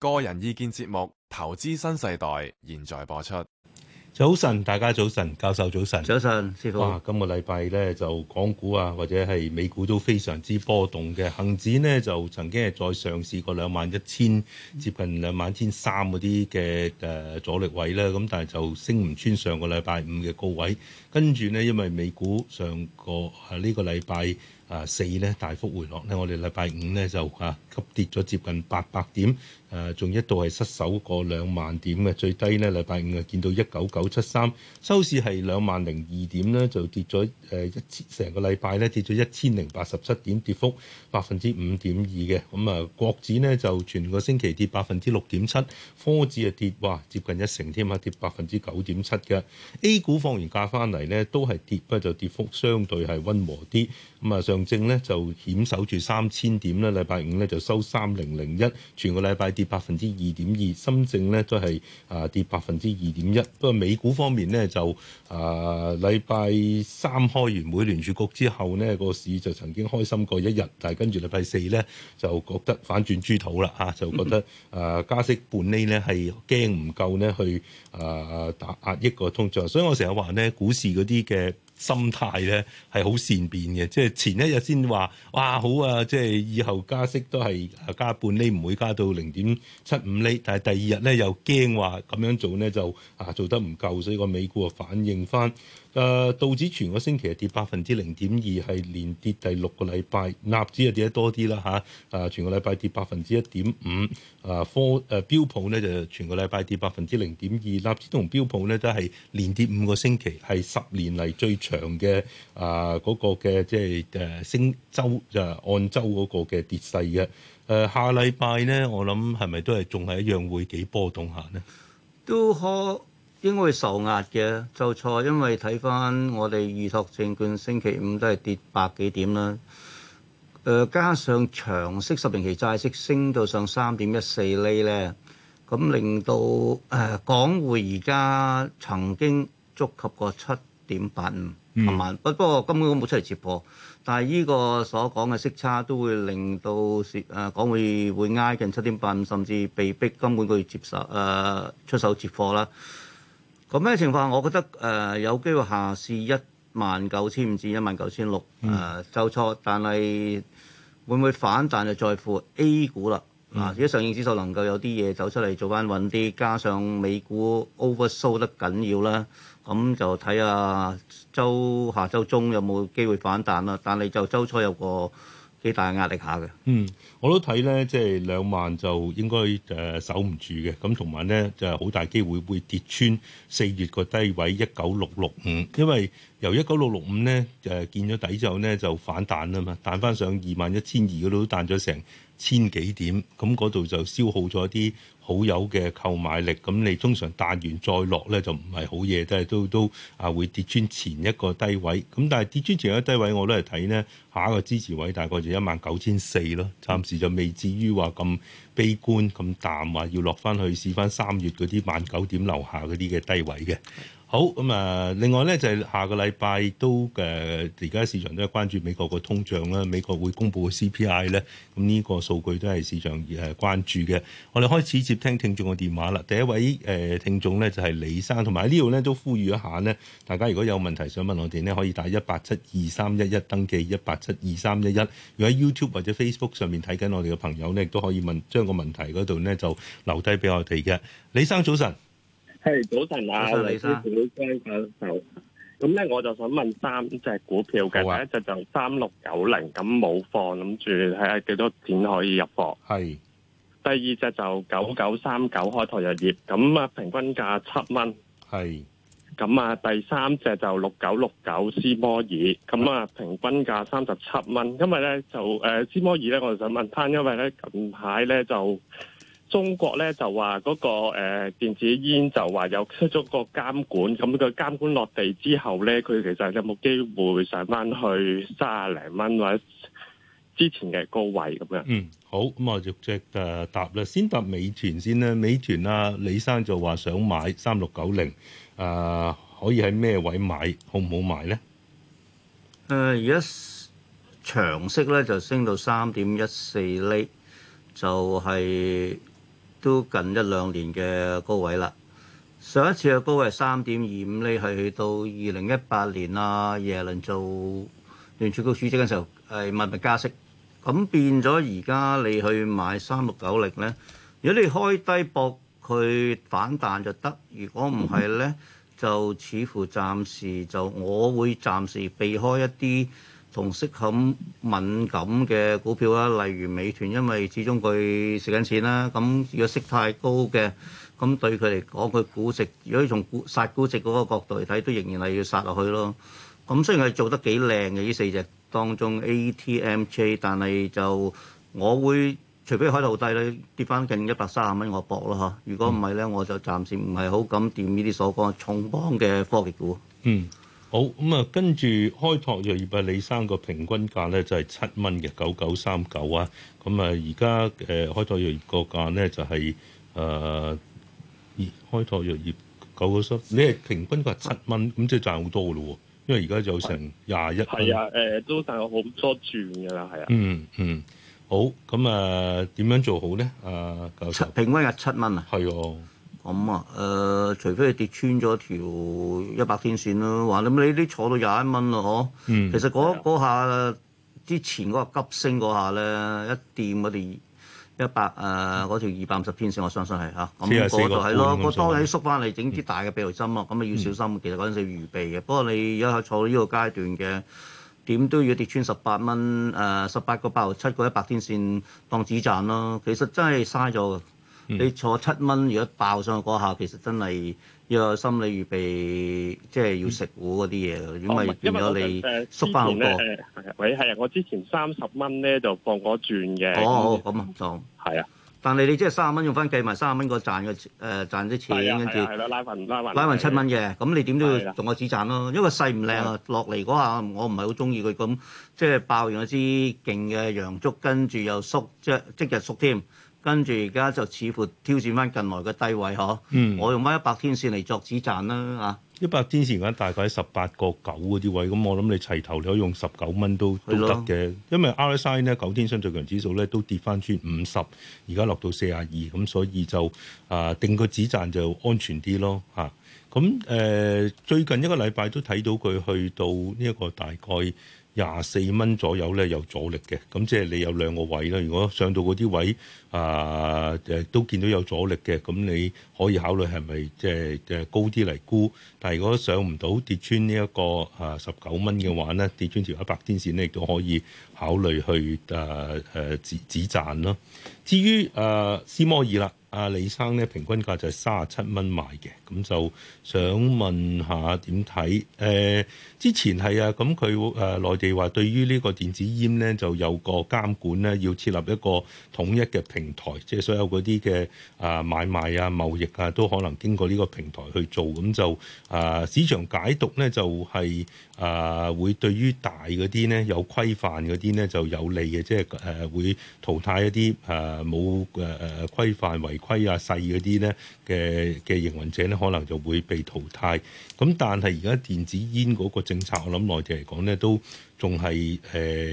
個人意見節目《投資新世代》現在播出。早晨，大家早晨，教授早晨，早晨，師傅。哇，今個禮拜咧就港股啊，或者係美股都非常之波動嘅。恒指呢，就曾經係再上市過兩萬一千，接近兩萬一千三嗰啲嘅誒阻力位啦。咁但係就升唔穿上個禮拜五嘅高位。跟住呢，因為美股上個啊呢個禮拜。啊四咧大幅回落咧，我哋禮拜五咧就啊急跌咗接近八百點，誒、啊、仲一度係失守過兩萬點嘅，最低呢禮拜五啊見到一九九七三，收市係兩萬零二點咧，就跌咗誒一千成個禮拜咧跌咗一千零八十七點，跌幅百分之五點二嘅。咁啊國指呢就全個星期跌百分之六點七，科指啊跌哇接近一成添啊，跌百分之九點七嘅。A 股放完假翻嚟咧都係跌，不過就跌幅相對係溫和啲，咁啊上。證咧就險守住三千點咧，禮拜五咧就收三零零一，全個禮拜跌百分之二點二，深圳咧都係啊、呃、跌百分之二點一。不過美股方面咧就啊禮拜三開完美聯儲局之後呢個市就曾經開心過一日，但係跟住禮拜四咧就覺得反轉豬肚啦啊，就覺得啊、呃、加息半釐咧係驚唔夠呢，夠呢去啊、呃、打壓抑個通脹，所以我成日話咧股市嗰啲嘅。心態咧係好善變嘅，即係前一日先話哇好啊，即係以後加息都係加半厘，唔會加到零點七五厘，但係第二日咧又驚話咁樣做咧就啊做得唔夠，所以個美股啊反映翻。誒、呃、道指全個星期跌百分之零點二，係連跌第六個禮拜。納指又跌得多啲啦嚇，誒、啊、全個禮拜跌百分之一點五。誒、啊、科誒、啊、標普呢就全個禮拜跌百分之零點二。納指同標普呢都係連跌五個星期，係十年嚟最長嘅啊嗰、那個嘅即係誒星週就按週嗰個嘅跌勢嘅。誒、啊、下禮拜呢，我諗係咪都係仲係一樣會幾波動下呢？都可。應該會受壓嘅，就錯，因為睇翻我哋預託證券星期五都係跌百幾點啦。誒、呃，加上長息十年期債息升到上三點一四厘咧，咁、嗯嗯、令到誒、呃、港匯而家曾經觸及過七點八五毫萬，嗯、不過根本都冇出嚟接貨。但係呢個所講嘅息差都會令到誒、呃、港匯會挨近七點八五，甚至被逼根本佢接受誒、呃、出手接貨啦。咁咩情況？我覺得誒、呃、有機會下試一萬九千五至一萬九千六誒週、嗯呃、初，但係會唔會反彈就在乎 A 股啦。嗱、嗯，如果、啊、上證指數能夠有啲嘢走出嚟做翻穩啲，加上美股 oversold 得緊要啦，咁就睇下周下週中有冇機會反彈啦。但係就周初有個。幾大壓力下嘅，嗯，我都睇咧，即係兩萬就應該誒守唔住嘅，咁同埋咧就係好大機會會跌穿四月個低位一九六六五，因為由一九六六五咧誒見咗底之後咧就反彈啊嘛，彈翻上二萬一千二嗰度都彈咗成千幾點，咁嗰度就消耗咗一啲。好友嘅購買力，咁你通常彈完再落咧，就唔係好嘢，即係都都啊會跌穿前一個低位。咁但係跌穿前一個低位，我都係睇呢，下一個支持位大概就一萬九千四咯。暫時就未至於話咁悲觀咁淡，話要落翻去試翻三月嗰啲萬九點樓下嗰啲嘅低位嘅。好咁啊、嗯！另外咧就係、是、下個禮拜都誒，而、呃、家市場都係關注美國個通脹啦。美國會公布 CPI 呢、嗯這個 CPI 咧，咁呢個數據都係市場誒關注嘅。我哋開始接聽聽眾嘅電話啦。第一位誒、呃、聽眾咧就係、是、李生，同埋喺呢度咧都呼籲一下呢。大家如果有問題想問我哋呢，可以打一八七二三一一登記，一八七二三一一。如果喺 YouTube 或者 Facebook 上面睇緊我哋嘅朋友呢，都可以問，將個問題嗰度呢，就留低俾我哋嘅。李生早晨。係、hey, 早晨啊，李先生。咁咧，我就想問三隻股票嘅，啊、第一隻就三六九零，咁冇貨，諗住睇下幾多錢可以入貨。係是。第二隻就九九三九開拓藥業，咁啊平均價七蚊。係是。咁啊，第三隻就六九六九斯摩爾，咁啊平均價三十七蚊。因為咧就誒斯摩爾咧，我就想問翻，因為咧近排咧就。中國咧就話嗰個誒，電子煙就話有出咗個監管，咁個監管落地之後咧，佢其實有冇機會上翻去卅零蚊或者之前嘅高位咁樣？嗯，好，咁我就即係答啦，先答美團先啦，美團啊，李生就話想買三六九零，啊，可以喺咩位買？好唔好買咧？誒，而家長息咧就升到三點一四釐，就係。都近一兩年嘅高位啦，上一次嘅高位三點二五，你係去到二零一八年啊，耶倫做聯儲局主席嘅時候，係密密加息，咁變咗而家你去買三六九零呢，如果你開低博佢反彈就得，如果唔係呢，就似乎暫時就我會暫時避開一啲同息口敏感嘅股票啦，例如美團，因為始終佢蝕緊錢啦，咁如果息太高嘅，咁對佢嚟講，佢估值如果從殺估值嗰個角度嚟睇，都仍然係要殺落去咯。咁雖然係做得幾靚嘅，呢四隻當中 ATMJ，但係就我會除非開到低啦，跌翻近一百三十蚊，我搏咯嚇。如果唔係咧，我就暫時唔係好敢掂呢啲所講重磅嘅科技股。嗯。好咁啊，跟、嗯、住開拓藥業啊，李生個平均價咧就係七蚊嘅九九三九啊，咁啊而家誒開拓藥業個價咧就係、是、誒、呃、開拓藥業九九三。30，你係平均價七蚊，咁、嗯、即係賺好多嘅咯喎，因為而家有成廿一。係啊、嗯，誒都賺好多錢嘅啦，係啊。嗯嗯，好咁啊，點、嗯、樣做好咧？阿教授。平均係七蚊啊。係哦。咁啊，誒、嗯，除非你跌穿咗條一百天線咯，話你你呢啲坐到廿一蚊咯，嗬。其實嗰下的之前嗰個急升嗰下咧，一掂我哋一百誒嗰、呃、條二百五十天線，我相信係嚇。咁嗰、嗯、就係咯，嗰當你縮翻嚟整啲大嘅避雷針咯，咁啊、嗯、要小心。其實嗰陣時要預備嘅。嗯、不過你而下坐到呢個階段嘅點都要跌穿十八蚊誒十八個八毫七個一百天線當止賺咯。其實真係嘥咗。你坐七蚊，如果爆上去嗰下，其實真係要有心理預備，即係要食糊嗰啲嘢嘅。因為如果你縮翻好多，喂係啊！我之前三十蚊咧就放過一轉嘅。哦，好咁啊，就係啊。的但係你即係三十蚊用翻計埋三十蚊個賺嘅誒、呃、賺啲錢，跟住係啦，拉翻拉翻，拉翻七蚊嘅。咁的你點都要同我止賺咯，的因為勢唔靚啊。落嚟嗰下我唔係好中意佢咁，即係爆完一支勁嘅陽燭，跟住又縮，即即日縮添。跟住而家就似乎挑戰翻近來嘅低位嗬，嗯、我用翻一百天線嚟作止賺啦嚇。一百天線嗰啲大概十八個九嗰啲位，咁我諗你齊頭你可以用十九蚊都咯都得嘅，因為 RSI 呢，九天新最強指數咧都跌翻穿五十，而家落到四呀二，咁所以就啊、呃、定個止賺就安全啲咯嚇。咁、啊、誒、呃、最近一個禮拜都睇到佢去到呢一個大概。廿四蚊左右咧有阻力嘅，咁即係你有兩個位啦。如果上到嗰啲位啊，誒、呃、都見到有阻力嘅，咁你可以考慮係咪即係誒高啲嚟沽？但係如果上唔到跌穿呢一個啊十九蚊嘅話咧，跌穿條一百天線咧，亦都可以考慮去誒誒、呃呃、止止賺咯。至於誒、呃、斯摩爾啦，阿、啊、李生咧平均價就係三十七蚊買嘅，咁就想問下點睇？誒、呃、之前係啊，咁佢誒內地話對於呢個電子煙咧就有個監管咧，要設立一個統一嘅平台，即、就、係、是、所有嗰啲嘅啊買賣啊貿易啊都可能經過呢個平台去做，咁就啊、呃、市場解讀咧就係、是。啊、呃，會對於大嗰啲咧有規範嗰啲咧就有利嘅，即係誒、呃、會淘汰一啲誒冇誒誒規範違規啊細嗰啲咧嘅嘅營運者咧，可能就會被淘汰。咁但係而家電子煙嗰個政策，我諗內地嚟講咧都。仲係誒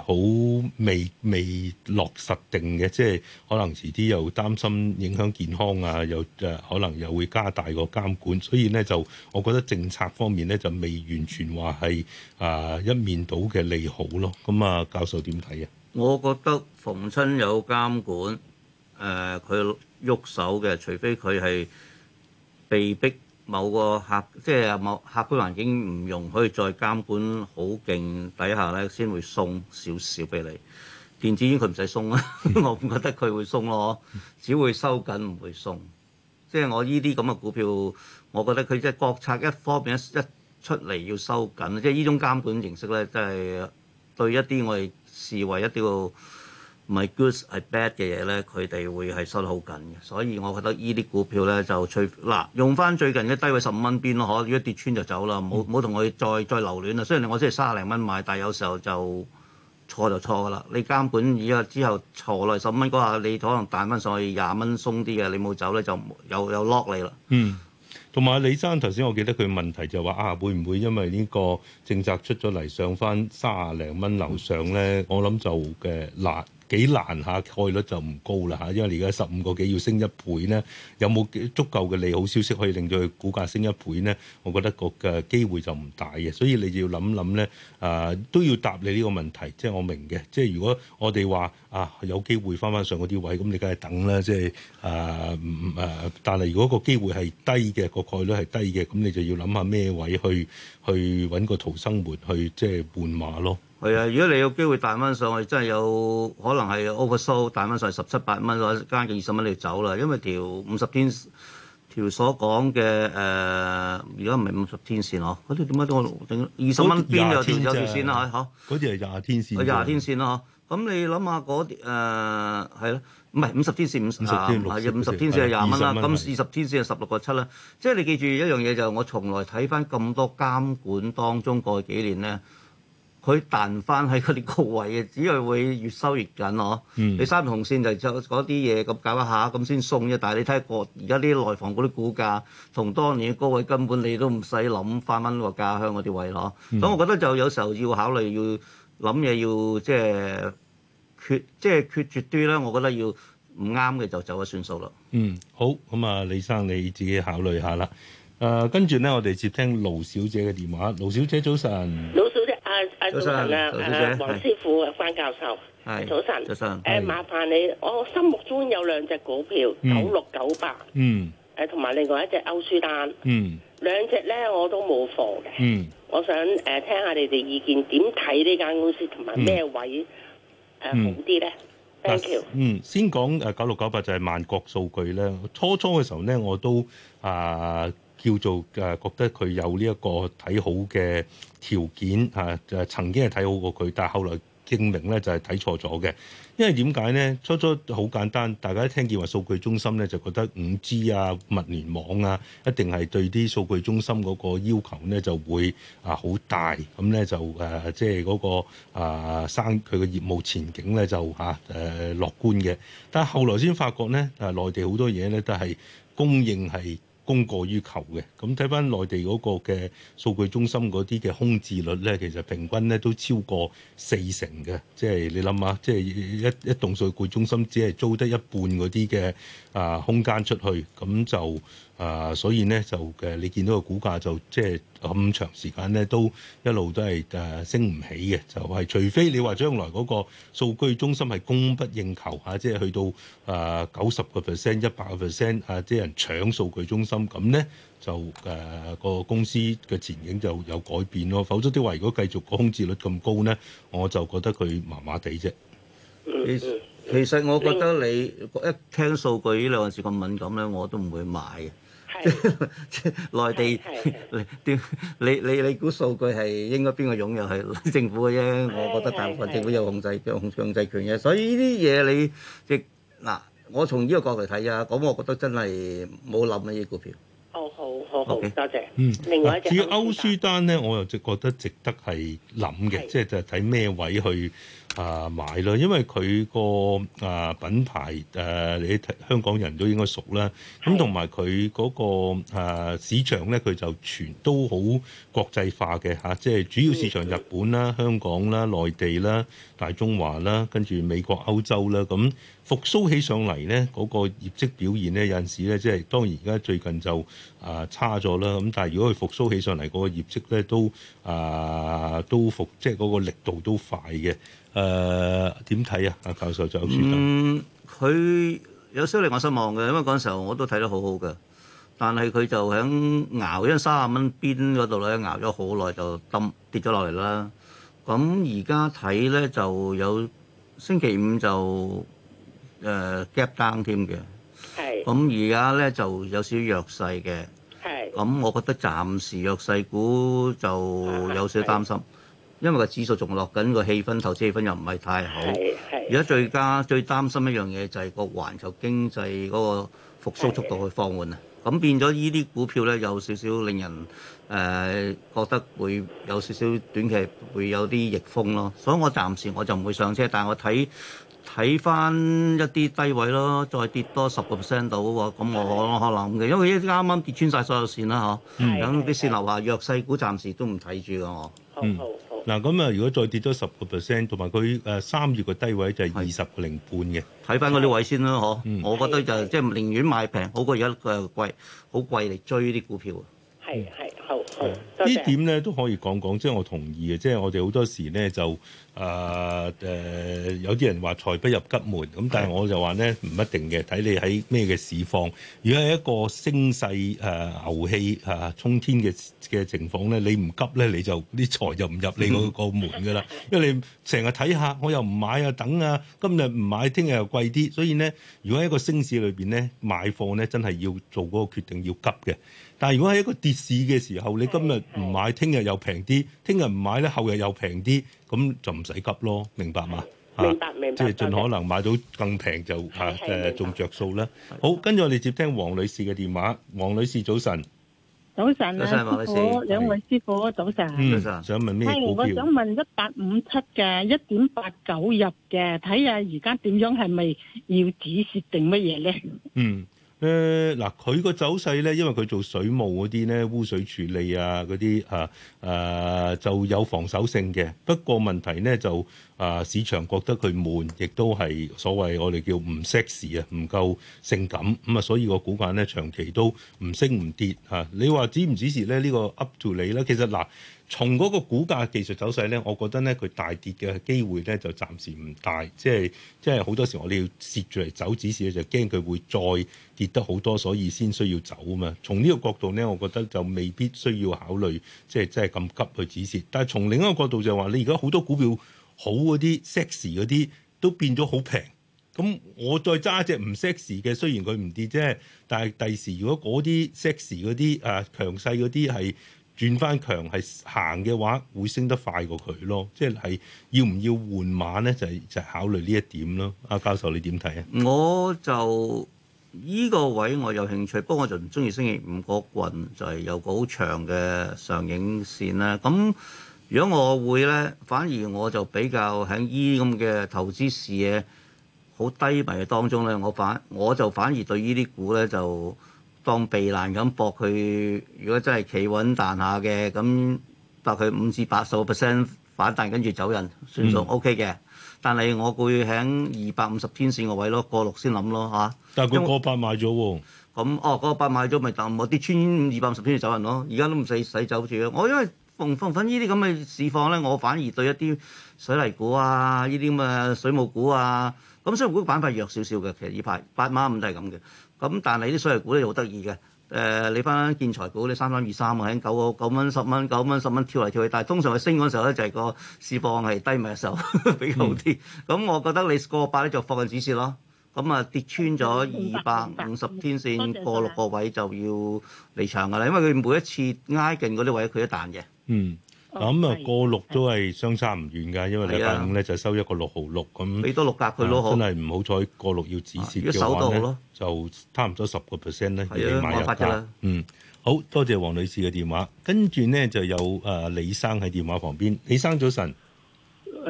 好未未落實定嘅，即係可能遲啲又擔心影響健康啊，又可能又會加大個監管，所以呢，就我覺得政策方面呢，就未完全話係啊一面倒嘅利好咯。咁、嗯、啊，教授點睇啊？我覺得逢親有監管誒，佢、呃、喐手嘅，除非佢係被逼。某個客即係某客觀環境唔容許再監管好勁底下咧，先會送少少俾你。電子煙佢唔使送啦， 我唔覺得佢會送咯，只會收緊唔會送。即係我呢啲咁嘅股票，我覺得佢即係國策一方面一出嚟要收緊，即係呢種監管形式咧，真係對一啲我哋視為一定要，唔係 good 係 bad 嘅嘢咧，佢哋會係收得好緊嘅，所以我覺得依啲股票咧就吹嗱，用翻最近嘅低位十五蚊邊咯，可如果跌穿就走啦，冇冇同佢再再留戀啦。雖然我知係卅零蚊買，但係有時候就錯就錯㗎啦。你監管而家之後錯落，十五蚊嗰下你可能彈翻上去廿蚊鬆啲嘅，你冇走咧就又又 lock 你啦。嗯，同埋李生頭先，我記得佢問題就話、是、啊，會唔會因為呢個政策出咗嚟上翻卅零蚊樓上咧？嗯、我諗就嘅難。幾難下，概率就唔高啦嚇，因為而家十五個幾要升一倍呢？有冇足夠嘅利好消息可以令到佢股價升一倍呢？我覺得個嘅機會就唔大嘅，所以你就要諗諗咧。誒、呃、都要答你呢個問題，即係我明嘅。即係如果我哋話啊有機會翻翻上嗰啲位，咁你梗係等啦。即係誒誒，但係如果個機會係低嘅，個概率係低嘅，咁你就要諗下咩位去去揾個逃生門去即係換馬咯。係啊！如果你有機會彈翻上去，真係有可能係 oversold 彈翻上去十七八蚊，或者近二十蚊你走啦。因為條五十天條所講嘅誒，而家唔係五十天線哦，嗰啲點解都二十蚊邊有條線啦？嚇！嗰啲係廿天線。嗰、啊、廿天線啦，咁你諗下嗰啲誒係咯，唔係五十天線五廿，係啊五十天線係廿蚊啦。咁二十天線係十六個七啦。嗯啊、7，即係你記住一樣嘢，就我從來睇翻咁多監管當中過去幾年咧。佢彈翻喺嗰啲高位嘅，只係會越收越緊咯。嗯、你三條紅線就就嗰啲嘢咁搞一下，咁先鬆啫。但係你睇下個而家啲內房嗰啲股價，同當年嘅高位根本你都唔使諗返返個家鄉嗰啲位咯。所以、嗯、我覺得就有時候要考慮，要諗嘢要即係、就是、決，即、就、係、是、決絕啲啦。我覺得要唔啱嘅就走咗算數咯。嗯，好咁啊，李生你自己考慮下啦。誒、呃，跟住咧，我哋接聽盧小姐嘅電話。盧小姐，早晨。早晨。誒誒，早晨啊，黃師傅啊，關教授，係早晨。早晨，誒，麻煩你，我心目中有兩隻股票，九六九八，嗯，誒，同埋另外一隻歐舒丹，嗯，兩隻咧我都冇貨嘅，嗯，我想誒聽下你哋意見，點睇呢間公司同埋咩位誒好啲咧？Thank you。嗯，先講誒九六九八就係萬國數據咧，初初嘅時候咧我都啊。叫做誒覺得佢有呢一個睇好嘅條件嚇、啊，就曾經係睇好過佢，但係後來證明咧就係睇錯咗嘅。因為點解咧？初初好簡單，大家聽見話數據中心咧就覺得五 G 啊、物聯網啊，一定係對啲數據中心嗰個要求咧就會啊好大，咁咧就誒即係嗰個啊生佢嘅業務前景咧就吓誒樂觀嘅。但係後來先發覺咧，誒、啊、內地好多嘢咧都係供應系。供過於求嘅，咁睇翻內地嗰個嘅數據中心嗰啲嘅空置率咧，其實平均咧都超過四成嘅，即係你諗下，即係一一棟數據中心只係租得一半嗰啲嘅啊空間出去，咁就。啊，uh, 所以咧就誒，uh, 你見到個股價就即係咁長時間咧都一路都係誒、uh, 升唔起嘅，就係、是、除非你話將來嗰個數據中心係供不應求嚇，即、啊、係、就是、去到誒九十個 percent、一百個 percent 啊，即係、uh, 人搶數據中心咁咧，就誒個、uh, 公司嘅前景就有改變咯。否則啲話，如果繼續個空置率咁高咧，我就覺得佢麻麻地啫。其實我覺得你一聽數據呢兩陣時咁敏感咧，我都唔會買。即係內地，啲 你你你估數據係應該邊個擁有係 政府嘅啫？我覺得大部分政府有控制、有控、控制權嘅。所以呢啲嘢你亦嗱，我從呢個角度嚟睇啊，咁我覺得真係冇諗呢啲股票。哦，好，好，好，多 Okay. 謝，謝。嗯。另外至於歐舒丹咧，我又就覺得值得係諗嘅，即係是就係睇咩位去。.啊，買咯，因為佢個啊品牌誒、啊，你香港人都應該熟啦。咁同埋佢嗰個市場咧，佢就全都好國際化嘅嚇，即、啊、係、就是、主要市場日本啦、啊、香港啦、內、啊、地啦、啊、大中華啦，跟、啊、住美國、歐洲啦。咁、啊、復甦起上嚟咧，嗰、那個業績表現咧，有陣時咧，即、就、係、是、當然而家最近就啊差咗啦。咁但係如果佢復甦起上嚟，嗰、那個業績咧都啊都復，即係嗰個力度都快嘅。誒點睇啊？阿教授就，嗯，佢有少少令我失望嘅，因為嗰陣時候我都睇得好好嘅，但係佢就喺熬咗三十蚊邊嗰度咧，熬咗好耐就冧跌咗落嚟啦。咁而家睇咧就有星期五就誒 gap down 添嘅，咁而家咧就有少少弱勢嘅，咁、嗯、我覺得暫時弱勢股就有少擔心。因為個指數仲落緊，個氣氛投資氣氛又唔係太好。而家最加最擔心一樣嘢就係個環球經濟嗰個復甦速度去放緩啊。咁的變咗依啲股票咧有少少令人誒、呃、覺得會有少少短期會有啲逆風咯。所以我暫時我就唔會上車，但係我睇睇翻一啲低位咯，再跌多十個 percent 到喎。咁我可能嘅，的因為啱啱跌穿晒所有線啦嚇。咁啲線樓下弱勢股暫時都唔睇住嘅我。嗱，咁啊，如果再跌咗十個 percent，同埋佢誒三月嘅低位就係二十個零半嘅。睇翻嗰啲位先啦。嗬、嗯。我覺得就即係寧願買平，好過而家佢係貴，好貴嚟追啲股票。係係好好。呢點咧都可以講講，即係我同意嘅，即係我哋好多時咧就。啊，誒、uh, uh, 有啲人話財不入急門，咁但係我就話咧唔一定嘅，睇你喺咩嘅市況。如果係一個升勢，誒牛氣啊沖天嘅嘅情況咧，你唔急咧，你就啲財就唔入你嗰個門㗎啦。因為你成日睇下，我又唔買啊，等啊，今日唔買，聽日又貴啲，所以咧，如果喺一個升市裏邊咧買貨咧，真係要做嗰個決定要急嘅。但係如果喺一個跌市嘅時候，你今日唔買，聽日又平啲，聽日唔買咧，後日又平啲。咁就唔使急咯，明白嘛？明白明白，即係盡可能買到更平就吓誒，仲着數啦。好，跟住我哋接聽黃女士嘅電話。黃女士早晨，早晨，師傅，兩位師傅早晨。嗯，想問咩股票？我想問一八五七嘅，一點八九入嘅，睇下而家點樣，係咪要止蝕定乜嘢咧？嗯。誒嗱，佢個、呃、走勢咧，因為佢做水務嗰啲咧，污水處理啊嗰啲啊啊，就有防守性嘅。不過問題咧就～啊！市場覺得佢悶，亦都係所謂我哋叫唔 sexy 啊，唔夠性感咁啊、嗯。所以個股價咧長期都唔升唔跌嚇、啊。你話指唔指示咧呢、呢個 up to 你啦。其實嗱、啊，從嗰個股價技術走勢咧，我覺得咧佢大跌嘅機會咧就暫時唔大。即係即係好多時我哋要蝕住嚟走指示咧，就驚佢會再跌得好多，所以先需要走啊嘛。從呢個角度咧，我覺得就未必需要考慮即係即係咁急去指示。但係從另一個角度就係、是、話，你而家好多股票。好嗰啲 sexy 嗰啲都變咗好平，咁我再揸隻唔 sexy 嘅，雖然佢唔跌啫，但係第時如果嗰啲 sexy 嗰啲啊強勢嗰啲係轉翻強係行嘅話，會升得快過佢咯。即係要唔要換馬咧？就係、就係、考慮呢一點咯。阿、啊、教授你點睇啊？我就呢、呢個位我有興趣，不過我就唔中意星期五個棍，就係、係、有個好長嘅上影線啦。咁。如果我會咧，反而我就比較喺依啲咁嘅投資視野，好低迷嘅當中咧，我反我就反而對呢啲股咧就當避難咁搏佢。如果真係企穩彈下嘅，咁搏佢五至八十個 percent 反彈，跟住走人算數、嗯、OK 嘅。但係我會喺二百五十天線個位咯，過六先諗咯嚇。啊、但係佢過百買咗喎。咁哦，嗰、嗯哦嗰個百買咗咪等我跌穿二百五十天線走人咯。而家都唔使使走住，我因為。逢逢粉呢啲咁嘅市況咧，我反而對一啲水泥股啊，呢啲咁嘅水務股啊，咁水務股嘅板塊弱少少嘅。其實呢排八萬五都係咁嘅。咁但係你啲水泥股咧就好得意嘅。誒，你翻建材股你三三二三啊，喺九個九蚊十蚊九蚊十蚊跳嚟跳去，但係通常佢升嗰時候咧就係個市況係低迷嘅時候比較好啲。咁我覺得你過八咧就放緊止蝕咯。咁啊跌穿咗二百五十天線過六個位就要離場噶啦，因為佢每一次挨近嗰啲位佢一彈嘅。嗯，咁啊，過六都係相差唔遠噶，因為禮拜五咧就收一個六毫六咁，俾多六百佢咯，真係唔好彩過六要止蝕嘅話咧，就差唔多十個 percent 咧，你買入價。嗯，好多謝黃女士嘅電話，跟住呢就有誒李生喺電話旁邊，李生早晨，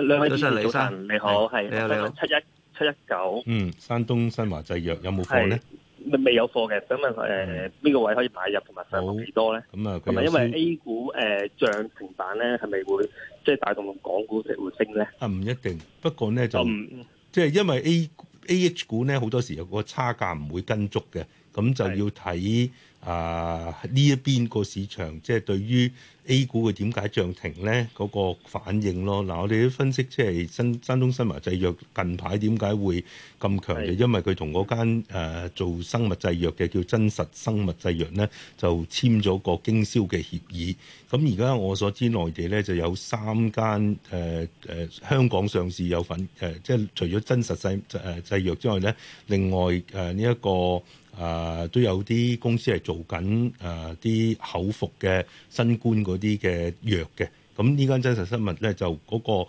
兩位早晨李生你好，係你好，七一七一九，嗯，山東新華製藥有冇貨咧？未有貨嘅，咁啊誒呢個位可以買入，同埋上幾多咧？咁啊、嗯，咁啊，是是因為 A 股誒漲停板咧，係咪會即係帶動港股會升咧？啊，唔一定，不過咧就、嗯、即係因為 A A H 股咧，好多時有個差價唔會跟足嘅，咁就要睇。啊！呢一邊個市場，即係對於 A 股嘅點解漲停咧，嗰、那個反應咯。嗱、啊，我哋都分析，即係新、山東新華製藥近排點解會咁強？就的因為佢同嗰間做生物製藥嘅叫真實生物製藥咧，就簽咗個經銷嘅協議。咁而家我所知內地咧就有三間誒誒香港上市有份誒、呃，即係除咗真實製誒製、呃、藥之外咧，另外誒呢一個。呃誒、呃、都有啲公司係做緊誒啲口服嘅新冠嗰啲嘅藥嘅，咁呢間真實生物咧就嗰、嗰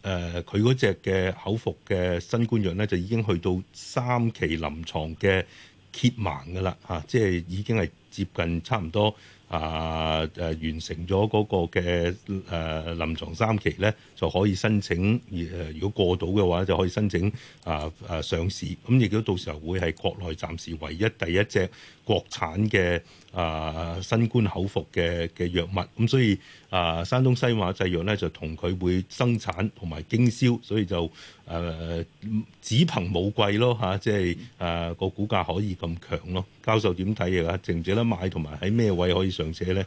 個佢嗰隻嘅口服嘅新冠藥咧就已經去到三期臨床嘅揭盲噶啦嚇，即係已經係接近差唔多。啊！誒、呃呃、完成咗嗰個嘅誒、呃、臨床三期咧，就可以申請。而、呃、如果過到嘅話，就可以申請啊啊、呃呃、上市。咁、嗯、亦都到時候會係國內暫時唯一第一隻國產嘅。啊，新冠口服嘅嘅藥物，咁、啊、所以啊，山東西馬製藥咧就同佢會生產同埋經銷，所以就誒、啊、只憑冇貴咯嚇、啊，即係啊個股價可以咁強咯。教授點睇啊？值唔值得買？同埋喺咩位可以上車咧？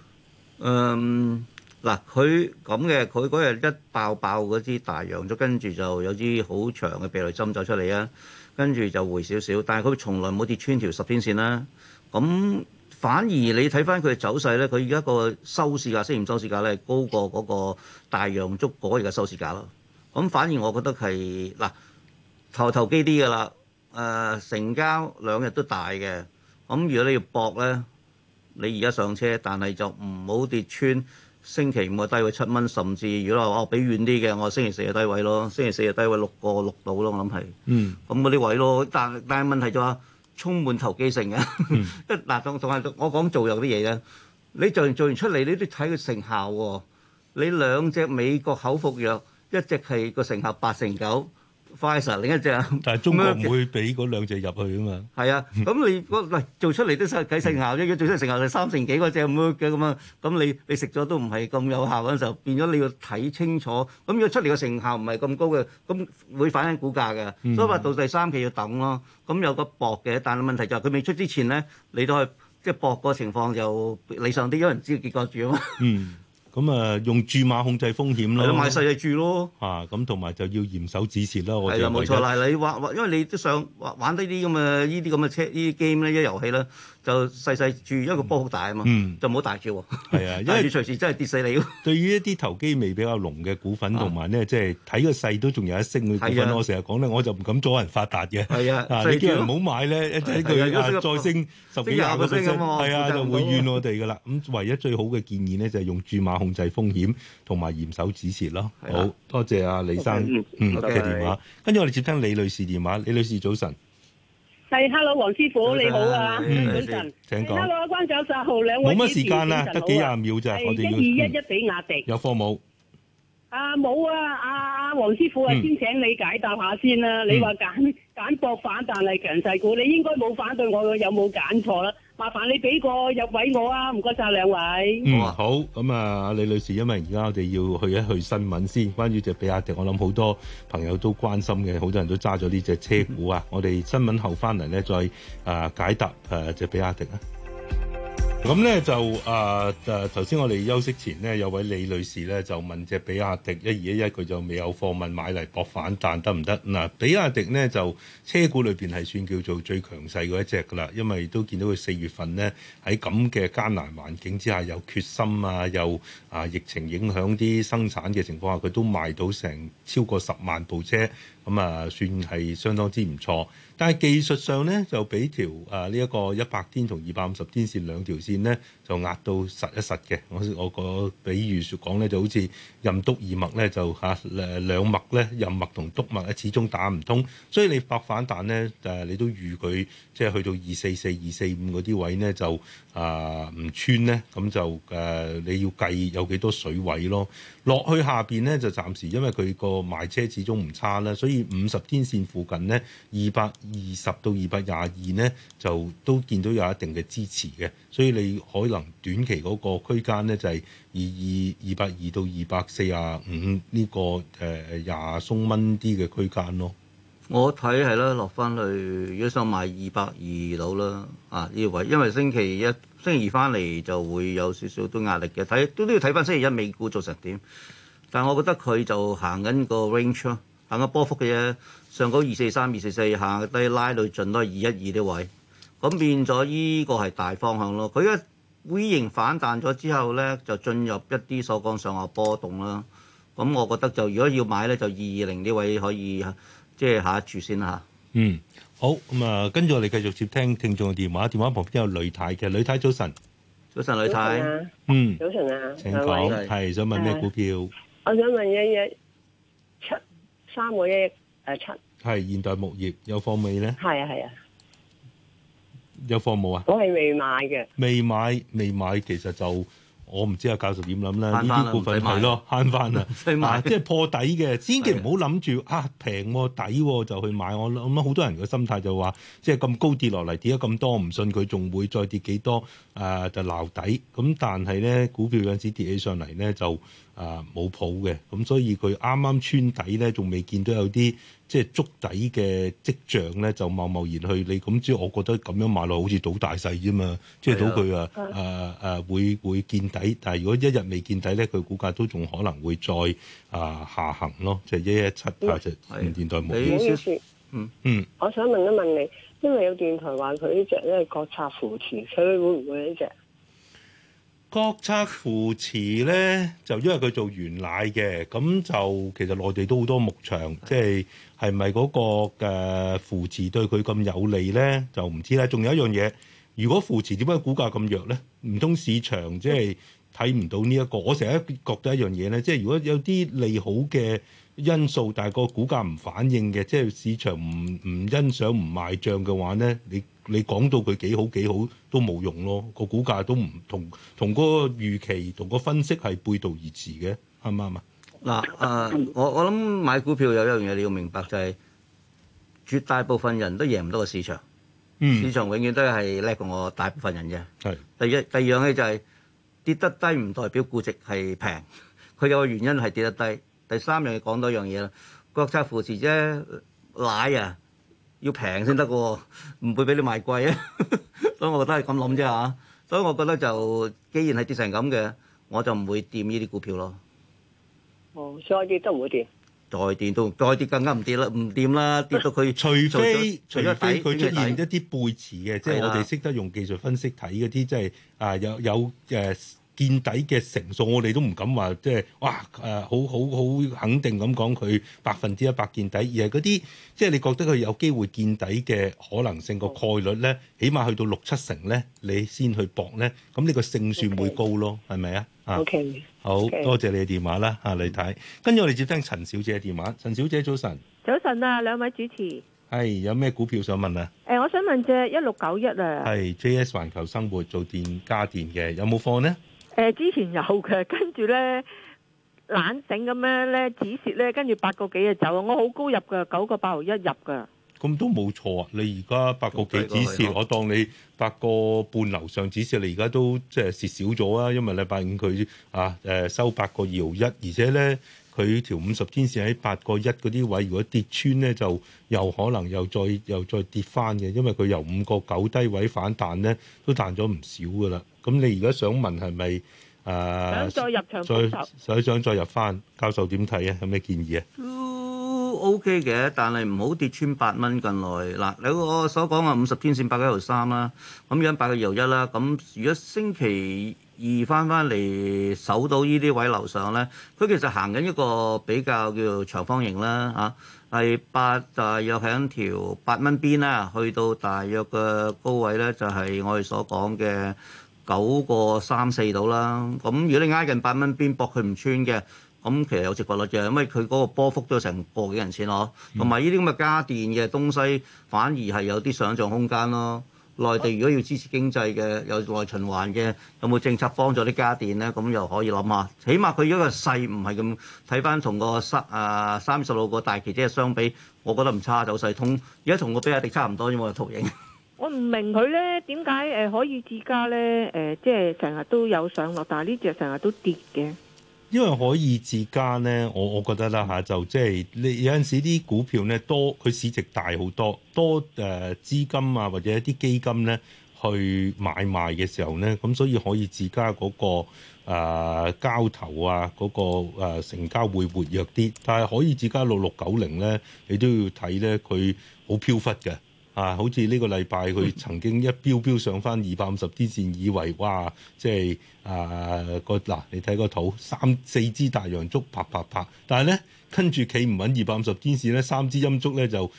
嗯，嗱，佢咁嘅，佢嗰日一爆爆嗰支大陽咗，跟住就有支好長嘅避雷針走出嚟啊，跟住就回少少，但係佢從來冇跌穿條十天線啦，咁。反而你睇翻佢嘅走勢咧，佢而家個收市價雖然收市價咧，高過嗰個大陽燭嗰日嘅收市價咯。咁、嗯、反而我覺得係嗱投投機啲嘅啦。誒、呃、成交兩日都大嘅。咁、嗯、如果你要搏咧，你而家上車，但係就唔好跌穿星期五嘅低位七蚊，甚至如果話我、哦、比遠啲嘅，我星期四嘅低位咯，星期四嘅低位六個六度咯，我諗係。嗯。咁嗰啲位咯，但但係問題就話。充滿投機性嘅、 嗯，一嗱，仲仲係我講做藥啲嘢咧，你做完做完出嚟，你都睇佢成效喎、哦。你兩隻美國口服藥，一隻係個成效八成九。快速另一隻，但係中國唔麼會俾嗰兩隻入去啊嘛。係啊，咁你嗰唔 做出嚟都係睇成效啫。如果做出嚟成效係三成幾嗰隻咁嘅咁啊，咁你你食咗都唔係咁有效嗰陣時候，變咗你要睇清楚。咁如果出嚟嘅成效唔係咁高嘅，咁會反映股價嘅。所以話到第三期要等咯。咁有個薄嘅，但係問題就係佢未出之前咧，你都係即係薄個情況就理想啲，因為唔知道結果住啊嘛。嗯咁啊，用注碼控制風險咯，係咯，買細隻注咯，啊，咁同埋就要嚴守指示啦。係啦的，冇錯啦，你話話，因為你都想玩低啲咁嘅呢啲咁嘅車呢啲 game 咧，一遊戲咧。就細細注意，一個波好大啊嘛，就唔好大叫。係啊，因為隨時真係跌死你。對於一啲投機味比較濃嘅股份，同埋咧即係睇個勢都仲有一升嘅股份，我成日講咧，我就唔敢阻人發達嘅。係啊，你叫人唔好買咧，一句啊再升十幾廿個 percent 係啊就會怨我哋噶啦。咁唯一最好嘅建議咧，就係用注碼控制風險，同埋嚴守止蝕咯。好多謝阿李生，嘅電話。跟住我哋接聽李女士電話，李女士早晨。係，Hello，黃師傅你好啊，早晨、嗯、請講說。Hey, Hello，關仔十號，兩位先生，冇乜時間啊，得晨幾廿秒啫，哎、我哋一二一一，比亞迪、嗯、有貨冇、啊啊？啊冇啊，阿阿黃師傅啊，嗯、先請你解答下先啦、啊。嗯、你話揀揀博反彈係強勢股，你應該冇反對我，有冇揀錯啦？麻煩你俾個入位我啊，唔該晒兩位。嗯、好咁啊、嗯，李女士，因為而家我哋要去一去新聞先，關於隻比亞迪，我諗好多朋友都關心嘅，好多人都揸咗呢隻車股啊。嗯、我哋新聞後翻嚟咧，再啊、呃、解答誒、呃、隻比亞迪啊。咁咧就誒誒，頭、呃、先我哋休息前呢，有位李女士咧就問隻比亞迪一二一一，佢就未有貨問買嚟搏反彈得唔得？嗱、嗯，比亞迪呢，就車股裏邊係算叫做最強勢嗰一隻噶啦，因為都見到佢四月份呢，喺咁嘅艱難環境之下，又缺芯啊，又啊疫情影響啲生產嘅情況下，佢都賣到成超過十萬部車。咁啊，算係相當之唔錯，但係技術上咧就俾條啊呢一個一百天同二百五十天線兩條線咧，就壓到實一實嘅。我我個比喻說講咧，就好似任督二脈咧就吓誒、啊、兩脈咧任脈同督脈咧始終打唔通，所以你白反彈咧誒、呃、你都預佢即係去到二四四、二四五嗰啲位咧就誒唔、呃、穿咧，咁就誒、呃、你要計有幾多水位咯。落去下邊咧就暫時因為佢個賣車始終唔差啦，所以。五十天線附近呢，二百二十到二百廿二呢，就都見到有一定嘅支持嘅，所以你可能短期嗰個區間呢，就係二二二百二到二百四啊五呢個誒廿鬆蚊啲嘅區間咯。我睇係啦，落翻去如果想買二百二樓啦啊呢個位，因為星期一星期二翻嚟就會有少少都壓力嘅，睇都都要睇翻星期一美股做成點。但係我覺得佢就行緊個 range 咯。等個波幅嘅啫，上高二四三、二四四，下低拉到盡都係二一二呢位，咁變咗呢個係大方向咯。佢一 V 型反彈咗之後咧，就進入一啲所講上下波動啦。咁我覺得就如果要買咧，就二二零呢位可以，即係吓住先吓。嗯，好咁啊，跟住我哋繼續接聽聽眾嘅電話，電話旁邊有雷太嘅，雷太早晨，早晨雷太，上啊、嗯，早晨啊，請講說，係想問咩股票？我想問一一七。七三個億誒七係現代牧業有貨未咧？係啊係啊，啊有貨冇啊？我係未買嘅，未買未買，其實就我唔知阿教授點諗啦。呢啲唔使買，係咯慳返啊！即、就、係、是、破底嘅，千祈唔好諗住啊平喎、啊、底喎、啊、就去買。我諗好多人嘅心態就話，即係咁高跌落嚟跌咗咁多，唔信佢仲會再跌幾多啊？就撈底咁，但係咧股票有時跌起上嚟咧就。就啊冇譜嘅，咁、嗯、所以佢啱啱穿底咧，仲未見到有啲即係觸底嘅跡象咧，就貿貿然去你咁，知我覺得咁樣買落好似賭大細啫嘛，即係賭佢啊啊啊、嗯呃、會會見底，但係如果一日未見底咧，佢股價都仲可能會再啊下行咯，即係一一七啊，即、就、係、是、電台無意思。嗯嗯，我想問一問你，因為有電台話佢呢隻咧係國策扶持，所以會唔會呢隻？國策扶持咧，就因為佢做原奶嘅，咁就其實內地都好多牧場，即係係咪嗰個誒扶持對佢咁有利咧，就唔知啦。仲有一樣嘢，如果扶持點解股價咁弱咧？唔通市場即係睇唔到呢一個？我成日覺得一樣嘢咧，即係如果有啲利好嘅因素，但係個股價唔反應嘅，即係市場唔唔欣賞、唔賣帳嘅話咧，你。你講到佢幾好幾好都冇用咯，個股價都唔同同嗰個預期同個分析係背道而馳嘅，啱唔啱啊？嗱，誒，我我諗買股票有一樣嘢你要明白就係、是、絕大部分人都贏唔到個市場，嗯、市場永遠都係叻過我大部分人嘅。係是。第一、第二樣嘢就係、是、跌得低唔代表估值係平，佢有個原因係跌得低。第三樣嘢講多一樣嘢啦，國策扶持啫，奶啊！要平先得嘅喎，唔會俾你賣貴啊， 所以我覺得係咁諗啫嚇，所以我覺得就既然係跌成咁嘅，我就唔會掂呢啲股票咯。哦，再跌都唔會掂，再掂都再跌更加唔跌啦，唔掂啦，跌到佢除，除非除非佢出現一啲背馳嘅，即係 我哋識得用技術分析睇嗰啲，即係啊有有誒。有呃見底嘅成數，我哋都唔敢話，即係哇誒，好好好肯定咁講佢百分之一百見底，而係嗰啲即係你覺得佢有機會見底嘅可能性個概率咧，起碼去到六七成咧，你先去搏咧，咁你個勝算會高咯，係咪啊？OK，好多謝你嘅電話啦嚇，你睇跟住我哋接聽陳小姐嘅電話。陳小姐早晨，早晨啊，兩位主持，係有咩股票想問啊？誒，我想問隻一六九一啊，係 JS 環球生活做電家電嘅，有冇貨呢？誒、呃、之前有嘅，跟住咧懶醒咁樣咧止蝕咧，跟住八個幾就走，我好高入噶，九個八毫一入噶。咁都冇錯啊！你而家八個幾止蝕，我當你八個半樓上止蝕，你而家都即係蝕少咗啊！因為禮拜五佢啊誒收八個二毫一，而且咧。佢條五十天線喺八個一嗰啲位，如果跌穿咧，就又可能又再又再跌翻嘅，因為佢由五個九低位反彈咧，都彈咗唔少噶啦。咁你而家想問係咪啊？想再入場再想再入翻，教授點睇啊？有咩建議啊？都 OK 嘅，但係唔好跌穿八蚊咁耐。嗱，你我所講啊，五十天線八個又三啦，咁樣八個又一啦，咁如果星期而翻翻嚟守到樓呢啲位樓上咧，佢其實行緊一個比較叫做長方形啦嚇，係八就係有喺條八蚊邊啦，去到大約嘅高位咧就係、是、我哋所講嘅九個三四度啦。咁、啊、如果你挨近八蚊邊搏佢唔穿嘅，咁、啊、其實有值博率嘅，因為佢嗰個波幅都有成個幾銀錢咯。同埋呢啲咁嘅家電嘅東西反而係有啲想象空間咯。啊內地如果要支持經濟嘅有內循環嘅，有冇政策幫助啲家電咧？咁又可以諗下，起碼佢一個勢唔係咁睇返同個三啊三十六個大旗姐相比，我覺得唔差走勢。通而家同個比亞迪差唔多，啫。我嘅圖形。我唔明佢咧點解誒可以自家咧誒、呃，即係成日都有上落，但係呢隻成日都跌嘅。因為可以自家咧，我我覺得啦嚇，就即係你有陣時啲股票咧，多佢市值大好多，多誒資金啊或者一啲基金咧去買賣嘅時候咧，咁所以可以自家嗰個誒交投啊嗰個誒成交會活躍啲。但係可以自家六六九零咧，你都要睇咧，佢好飄忽嘅。啊！好似呢個禮拜佢曾經一飆飆上翻二百五十天線，以為哇，即係啊嗱、啊，你睇個圖，三四支大陽燭啪啪啪，但係咧跟住企唔穩二百五十天線咧，三支陰燭咧就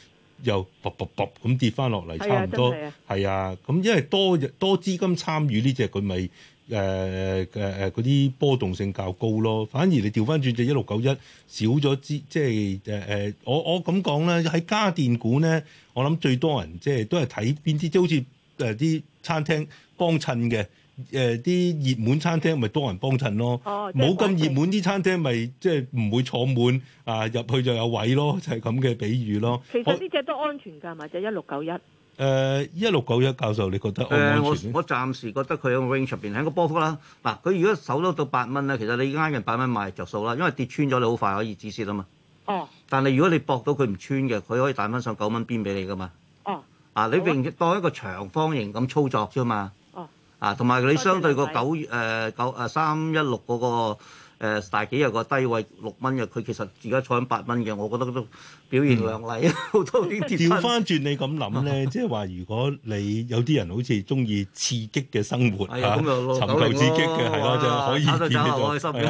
又噗噗噗，咁跌翻落嚟，差唔多係啊，咁、啊、因為多多資金參與呢隻佢咪。誒誒誒嗰啲波動性較高咯，反而你調翻轉隻一六九一少咗支，即係誒誒，我我咁講咧，喺家電股咧，我諗最多人即係都係睇邊啲，即係好似誒啲餐廳幫襯嘅，誒啲熱門餐廳咪多人幫襯咯，冇咁、哦、熱門啲餐廳咪即係唔會坐滿啊，入去就有位咯，就係咁嘅比喻咯。其實呢隻都安全㗎嘛，即一六九一。誒一六九一教授，你覺得安、呃、我我暫時覺得佢喺個 range 入面係一個波幅啦。嗱，佢如果守得到八蚊咧，其實你挨緊八蚊賣着數啦，因為跌穿咗你好快可以止蝕啊嘛。哦。但係如果你博到佢唔穿嘅，佢可以彈翻上九蚊邊俾你噶嘛。哦。啊，你並當一個長方形咁操作啫嘛。哦、啊，同埋你相對個九誒九誒三一六嗰個。誒、呃、大幾日個低位六蚊嘅，佢其實而家坐緊八蚊嘅，我覺得都表現亮麗。好、嗯、 多調翻轉你咁諗咧， 即係話如果你有啲人好似中意刺激嘅生活嚇，尋、 哎、求刺激嘅係咯，就可以見得、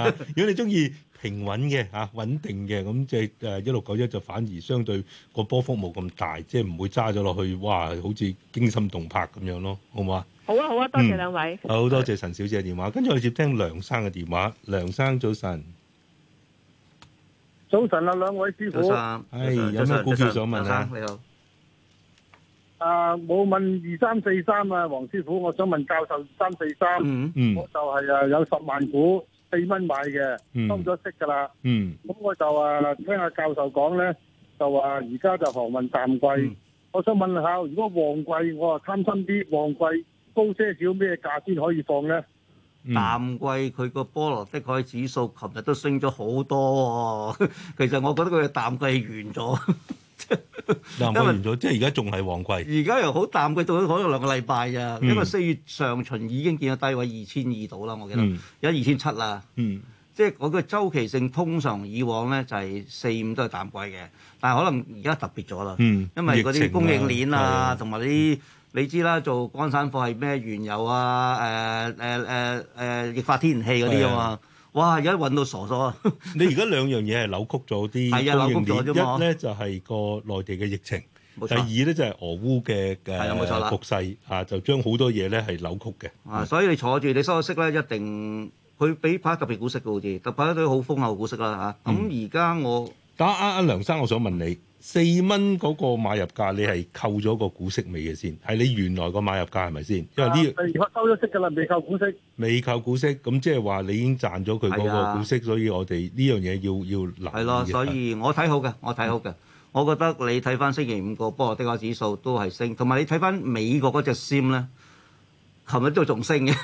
啊、如果你中意平穩嘅嚇、穩定嘅，咁即係誒一六九一就反而相對個波幅冇咁大，即係唔會揸咗落去哇，好似驚心動魄咁樣咯，好唔好？好啊好啊，多謝兩位。好多謝陳小姐嘅電話，跟住我接聽梁生嘅電話。梁生早晨。早晨啊，兩位師傅。早晨。係有咩股票想問下？你好。啊，冇問二三四三啊，黃師傅，我想問教授三四三。嗯嗯。我就係啊，有十萬股四蚊買嘅，收咗息噶啦。嗯。咁我就話聽下教授講咧，就話而家就航運淡季，我想問下，如果旺季，我啊貪心啲旺季。高些少咩價先可以放咧？嗯、淡季佢個波羅的海指數，琴日都升咗好多、哦、其實我覺得佢嘅淡季完咗， 因為淡季完咗，即係而家仲係旺季。而家又好淡季，到咗可能兩個禮拜呀。嗯、因為四月上旬已經見到低位二千二度啦，我記得，而家二千七啦。嗯，嗯即係嗰個週期性通常以往咧就係四五都係淡季嘅，但係可能而家特別咗啦。嗯，因為嗰啲供應鏈啊同埋啲。你知啦，做乾散貨係咩原油啊？誒誒誒誒，液化天然氣嗰啲啊嘛！哇，而家揾到傻傻啊！你而家兩樣嘢係扭曲咗啲供應鏈，一咧就係個內地嘅疫情，第二咧就係俄烏嘅誒局勢啊，就將好多嘢咧係扭曲嘅。啊，所以你坐住你收息咧，一定佢俾派特別股息嘅，好似派一堆好豐厚股息啦嚇。咁而家我等阿阿梁生，我想問你，四蚊嗰個買入價，你係扣咗個股息未嘅先？係你原來個買入價係咪先？因為呢而家收咗息噶啦，未扣股息？未扣股息。咁即係話你已經賺咗佢嗰個股息，所以我哋呢樣嘢要要留意。係咯，所以我睇好嘅，我睇好嘅。我覺得你睇翻星期五個波羅的指數都係升，同埋你睇翻美國嗰隻仙咧，琴日都仲升嘅，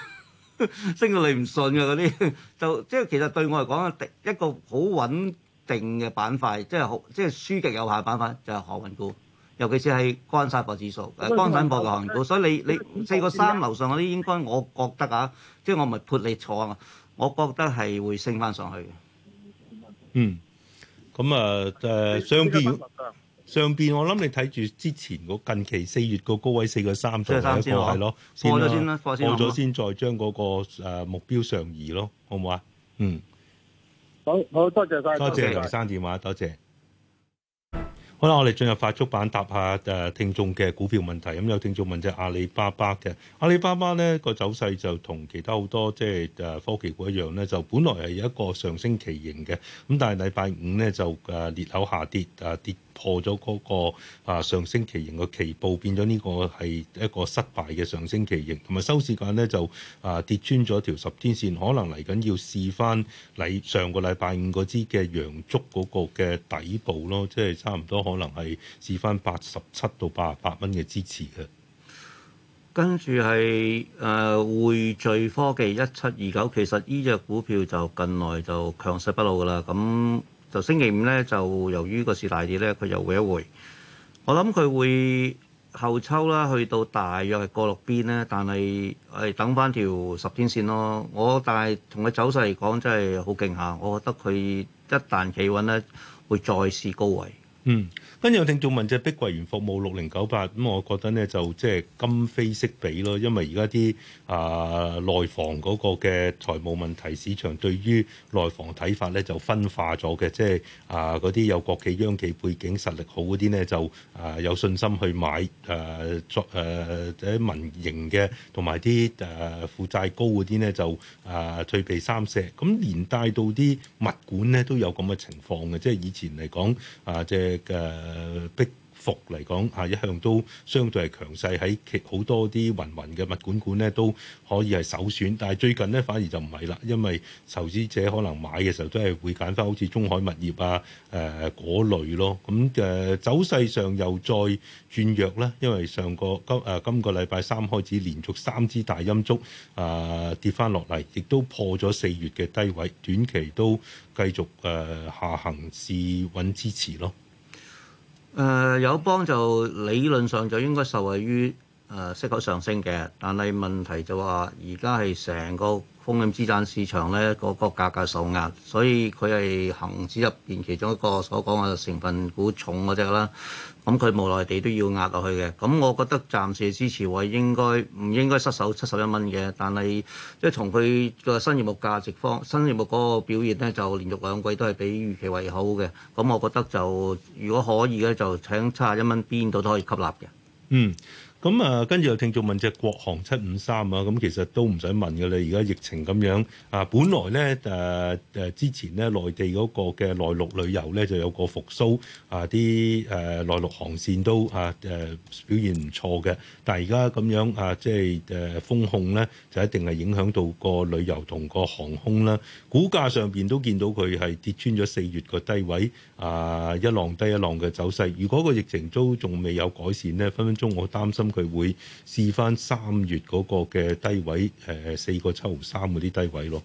升到你唔信嘅嗰啲，就即係其實對我嚟講啊，一個好穩定嘅板塊，即係好，即係輸極有限板塊，就係航運股，尤其是係乾散貨指數、乾散貨嘅航運股。所以你你四個三樓上嗰啲，應該我覺得啊，即係我咪撥你坐啊！嘛，我覺得係會升翻上去嘅。嗯，咁啊誒上邊上邊，我諗你睇住之前個近期四月個高位四個三再一個係咯，過咗先啦，過咗先再將嗰個誒目標上移咯，好唔好啊？嗯。好好，多謝，多謝，多謝梁生電話，多謝。好啦，我哋進入快速版，答下誒聽眾嘅股票問題。咁、嗯、有聽眾問就阿里巴巴嘅，阿里巴巴呢個走勢就同其他好多即係誒科技股一樣呢，就本來係一個上升旗形嘅，咁但係禮拜五呢，就誒裂口下跌，誒跌破咗嗰個啊上升旗形嘅旗部，變咗呢個係一個失敗嘅上升旗形。同埋收市間呢，就啊跌穿咗條十天線，可能嚟緊要試翻禮上個禮拜五嗰支嘅陽燭嗰個嘅底部咯，即係差唔多。可能係試翻八十七到八十八蚊嘅支持嘅，跟住係誒匯聚科技一七二九。其實呢隻股票就近來就強勢不露㗎喇。咁就星期五咧，就由於個市大跌咧，佢又回一回。我諗佢會後抽啦，去到大約係過六邊咧，但係係等翻條十天線咯。我但係同佢走勢嚟講，真係好勁吓。我覺得佢一旦企穩咧，會再試高位。嗯，跟住有聽眾問隻碧桂園服務六零九八，咁我覺得咧就即係今非昔比咯，因為而家啲啊內房嗰個嘅財務問題，市場對於內房睇法咧就分化咗嘅，即係啊嗰啲有國企央企背景、實力好嗰啲咧就啊、呃、有信心去買，誒、呃、作誒或、呃、民營嘅同埋啲誒負債高嗰啲咧就啊、呃、退避三舍，咁、嗯、連帶到啲物管咧都有咁嘅情況嘅，即係以前嚟講啊即係。呃呃呃呃嘅逼幅嚟講，啊，一向都相對係強勢，喺好多啲云云嘅物管股咧都可以係首選，但係最近咧反而就唔係啦，因為投資者可能買嘅時候都係會揀翻好似中海物業啊誒嗰、呃、類咯。咁誒、呃、走勢上又再轉弱啦，因為上個今誒、呃、今個禮拜三開始連續三支大陰燭誒、呃、跌翻落嚟，亦都破咗四月嘅低位，短期都繼續誒、呃、下行試揾支持咯。誒，uh, 友邦就理論上就應該受惠於誒、呃、息口上升嘅，但係問題就話而家係成個風險資產市場咧個個價格受壓，所以佢係恆指入面其中一個所講嘅成分股重嗰隻啦。咁佢無奈地都要壓落去嘅。咁我覺得暫時支持位應該唔應該失守七十一蚊嘅？但係即係從佢個新業務價值方、新業務嗰個表現咧，就連續兩季都係比預期為好嘅。咁我覺得就如果可以咧，就請七十一蚊邊度都可以吸納嘅。嗯。咁、嗯、啊，跟住，有聽眾問，隻國航七五三啊，咁其實都唔使問嘅啦。而家疫情咁樣啊，本來咧誒誒之前咧內地嗰個嘅內陸旅遊咧就有個復蘇啊，啲誒內陸航綫都啊誒、啊、表現唔錯嘅。但係而家咁樣啊，即係誒、啊、風控咧，就一定係影響到個旅遊同個航空啦、啊。股價上邊都見到佢係跌穿咗四月個低位啊，一浪低一浪嘅走勢。如果個疫情都仲未有改善咧，分分鐘我擔心。佢會試翻三月嗰個嘅低位，誒、呃、四個七號三嗰啲低位咯。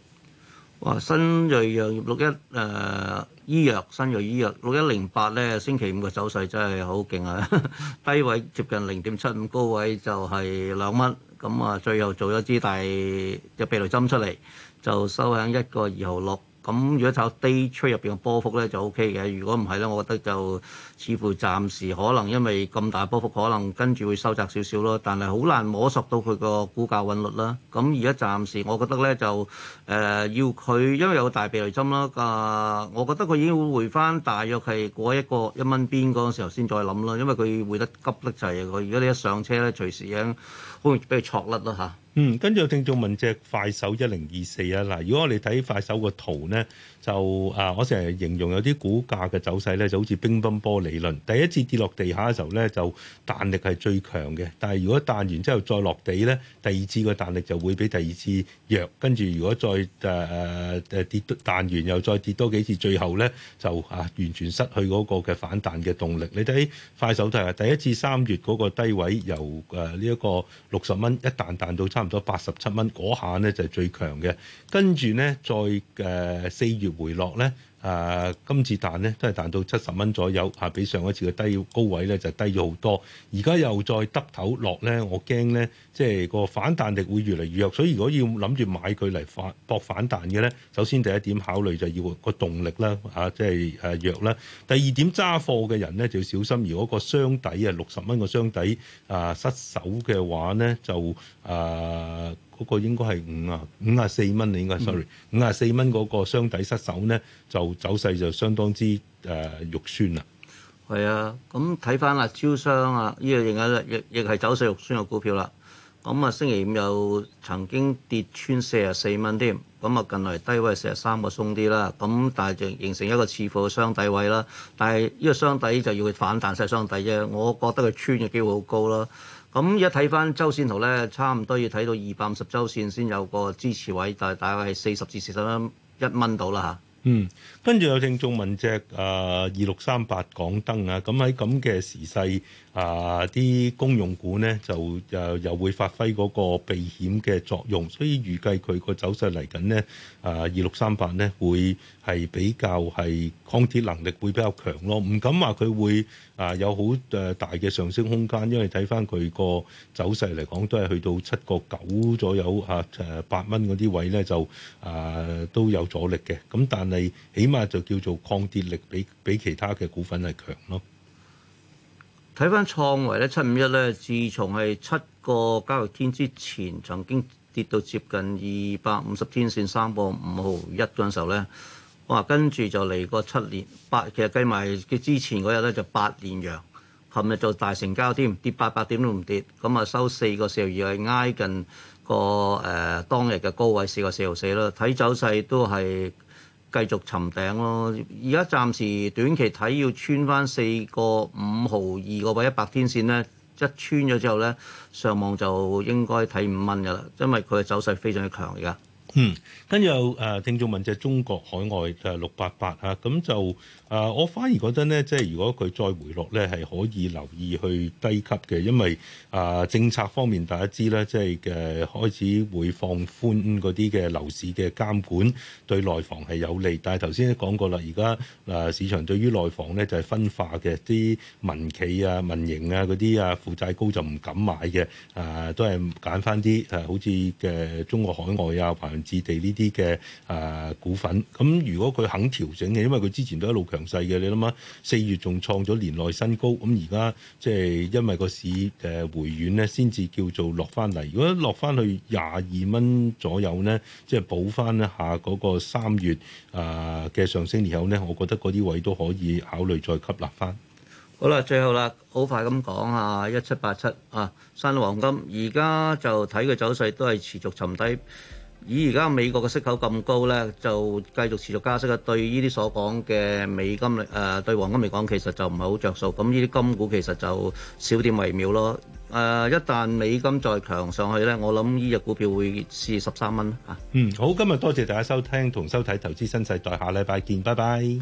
哇！新瑞藥業六一誒醫藥，新瑞醫藥六一零八咧，星期五嘅走勢真係好勁啊呵呵！低位接近零點七五，高位就係兩蚊。咁啊，最後做咗支大嘅避雷針出嚟，就收響一個二號六。咁如果炒 day trade 入邊嘅波幅咧就 O K 嘅，如果唔係咧，我覺得就似乎暫時可能因為咁大波幅，可能跟住會收窄少少咯。但係好難摸索到佢個股價韻律啦。咁而家暫時我覺得咧就誒、呃、要佢，因為有大避雷針啦。啊，我覺得佢已經會回翻，大約係過一個一蚊邊嗰個時候先再諗啦。因為佢回得急得滯，佢如果你一上車咧，隨時已經好容易俾佢錯甩啦嚇。嗯，跟住聽眾問隻快手一零二四啊，嗱，如果我哋睇快手個圖呢，就啊，我成日形容有啲股價嘅走勢呢，就好似乒乓波理論。第一次跌落地下嘅時候呢，就彈力係最強嘅，但係如果彈完之後再落地呢，第二次個彈力就會比第二次弱。跟住如果再誒誒、啊、跌多彈完又再，再跌多幾次，最後呢就啊完全失去嗰個嘅反彈嘅動力。你睇快手就係第一至三月嗰個低位由誒呢一個六十蚊一彈彈到，差唔多八十七蚊，嗰下咧就係、是、最強嘅，跟住咧再誒四、呃、月回落咧。誒、呃、今次彈呢都係彈到七十蚊左右，嚇、啊、比上一次嘅低，高位咧就低咗好多。而家又再耷頭落咧，我驚咧即係個反彈力會越嚟越弱。所以如果要諗住買佢嚟反搏反彈嘅咧，首先第一點考慮就要個動力啦，嚇即係誒弱啦。第二點揸貨嘅人咧就要小心，如果個箱底,底啊六十蚊個箱底啊失守嘅話咧，就誒。啊嗰個應該係五啊五啊四蚊嚟應該，sorry，五啊四蚊嗰個箱底失守咧，就走勢就相當之誒、呃、肉酸啦。係啊，咁睇翻啊，招商啊，呢、這個亦係亦亦係走勢肉酸嘅股票啦。咁、嗯、啊，星期五又曾經跌穿四啊四蚊添，咁啊近來低位四十三個鬆啲啦，咁但係就形成一個次貨箱底位啦。但係呢個箱底就要反彈晒箱底啫，我覺得佢穿嘅機會好高咯。咁一睇翻週，週線圖呢，差唔多要睇到二百五十周線先有個支持位，大概係四十至四十蚊一蚊度啦。嗯，跟住有正中文隻有聽眾問隻啊，二六三八港燈啊，咁喺咁嘅時勢啊，啲公用股呢就、誒、啊、又會發揮嗰個避險嘅作用，所以預計佢個走勢嚟緊呢，啊，二六三八呢會係比較係抗跌能力會比較強咯，唔敢話佢會啊有好誒大嘅上升空間，因為睇翻佢個走勢嚟講，都係去到七個九左右，啊誒八蚊嗰啲位呢就啊都有阻力嘅，咁、啊、但你起碼就叫做抗跌力，比比其他嘅股份係強咯。睇翻創維咧，七五一咧，自從係七個交易天之前，曾經跌到接近二百五十天線三個五毫一嗰陣時候咧，哇！跟住就嚟個七年八，其實計埋嘅之前嗰日咧就八連陽，琴日就大成交添，跌八百點都唔跌，咁啊收四個四毫二，係挨近個誒、呃、當日嘅高位四個四毫四啦。睇走勢都係。繼續尋頂咯，而家暫時短期睇要穿翻四個五毫二個位，一百天線咧，一穿咗之後咧，上望就應該睇五蚊噶啦，因為佢嘅走勢非常之強而家。嗯，跟住有誒，聽眾問就係中國海外誒六八八啊，咁就誒，我反而覺得呢，即係如果佢再回落呢，係可以留意去低級嘅，因為誒、呃、政策方面大家知咧，即係嘅、呃、開始會放寬嗰啲嘅樓市嘅監管對內房係有利，但係頭先講過啦，而家誒市場對於內房呢，就係、是、分化嘅，啲民企啊、民營啊嗰啲啊負債高就唔敢買嘅，誒、呃、都係揀返啲誒好似嘅中國海外啊。置地呢啲嘅誒股份，咁，如果佢肯調整嘅，因為佢之前都一路強勢嘅。你諗下，四月仲創咗年內新高，咁而家即係因為個市誒回軟呢，先至叫做落翻嚟。如果落翻去廿二蚊左右呢，即係補翻一下嗰個三月誒嘅上升年後呢，我覺得嗰啲位都可以考慮再吸納翻。好啦，最後啦，好快咁講下一七八七啊，山黃金而家就睇佢走勢都係持續尋底。以而家美國嘅息口咁高咧，就繼續持續加息啊！對呢啲所講嘅美金誒、呃，對黃金嚟講其實就唔係好着數。咁呢啲金股其實就少點為妙咯。誒、呃，一旦美金再強上去咧，我諗呢隻股票會蝕十三蚊啊！嗯，好，今日多謝大家收聽同收睇《投資新世代》，下禮拜見，拜拜。拜拜。